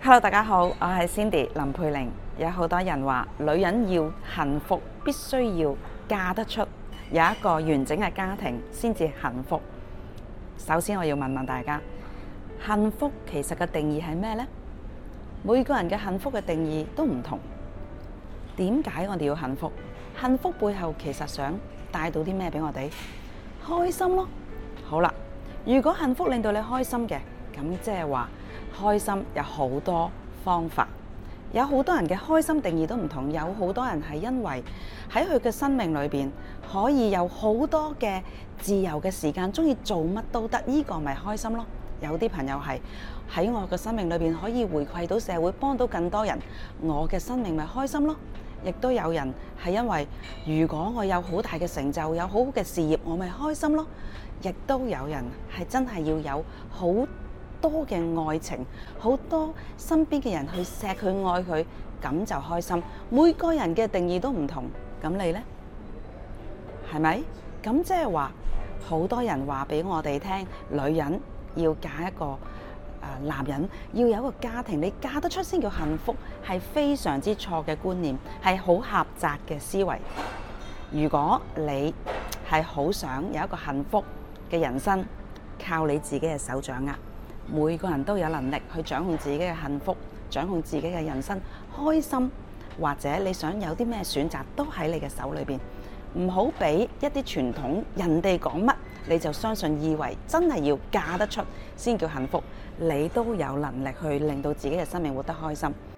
Hello，大家好，我係 Cindy 林佩玲。有好多人話女人要幸福，必須要嫁得出，有一個完整嘅家庭先至幸福。首先我要問問大家，幸福其實嘅定義係咩呢？每個人嘅幸福嘅定義都唔同。點解我哋要幸福？幸福背後其實想帶到啲咩俾我哋？開心咯。好啦，如果幸福令到你開心嘅，咁即係話。開心有好多方法，有好多人嘅開心定義都唔同，有好多人係因為喺佢嘅生命裏邊可以有好多嘅自由嘅時間，中意做乜都得，呢個咪開心咯。有啲朋友係喺我嘅生命裏邊可以回饋到社會，幫到更多人，我嘅生命咪開心咯。亦都有人係因為如果我有好大嘅成就，有好好嘅事業，我咪開心咯。亦都有人係真係要有好多嘅愛情，好多身邊嘅人去錫佢愛佢，咁就開心。每個人嘅定義都唔同，咁你呢係咪？咁即係話，好多人話俾我哋聽，女人要嫁一個啊，男人要有個家庭，你嫁得出先叫幸福，係非常之錯嘅觀念，係好狹窄嘅思維。如果你係好想有一個幸福嘅人生，靠你自己嘅手掌握。每個人都有能力去掌控自己嘅幸福，掌控自己嘅人生，開心或者你想有啲咩選擇，都喺你嘅手裏邊。唔好俾一啲傳統人哋講乜，你就相信以為真係要嫁得出先叫幸福。你都有能力去令到自己嘅生命活得開心。